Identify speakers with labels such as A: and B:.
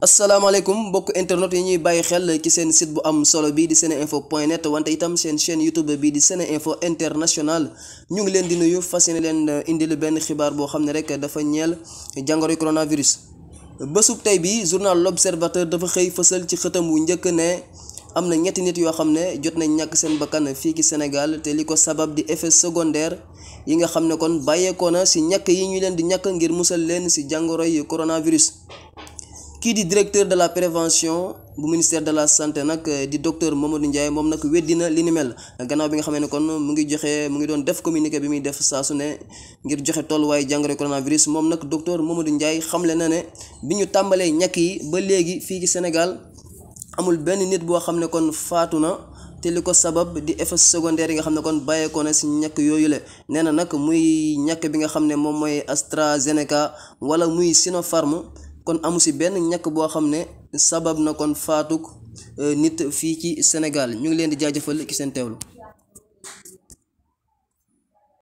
A: asalaamaaleykum mbokk internet yi ñuy bàyyi xel ci seen sit bu am solo bi di info point net wante itam seen chaîne youtube bi di seneinfo international ñu ngi leen di nuyu fas yéene leen indil benn xibaar boo xam ne rek dafa ñeel jàngoroy coronavirus bésub tey bi journal l'observateur dafa xëy fësal ci xëtam wu njëkk ne am na ñetti nit yoo xam ne jot nañ ñàkk seen bakkan fii ci senegal te li ko sabab di effet secondaire yi nga xam ne kon bàyyeekoo na si ñàkk yi ñu leen di ñàkk ngir musal leen si jàngoroy coronavirus kii di directeur de la prévention bu ministère de la santé nag eh, di docteur Mamadou Ndiaye moom nag weddina li ni mel gannaaw bi nga xamee ne kon mu ngi joxe mu ngi doon def communiqué bi muy def saa su ne ngir joxe tolluwaay jàngoro coronavirus moom nag docteur Mamadou Ndiaye xamle na ne bi ñu tàmbalee ñàkk yi ba léegi fii ci Sénégal amul benn nit boo xam ne kon faatu na. te li ko sabab di effet secondaire yi nga xam ne kon bàyyeekoo na si ñàkk yooyu le nee na nag muy ñàkk bi nga xam ne moom mooy AstraZeneca wala muy Sinopharm kon amu si benn ñàkk boo xam ne sabab na kon faatuk euh, nit fii ci Sénégal ñu ngi leen di jaajëfal ci seen teewlu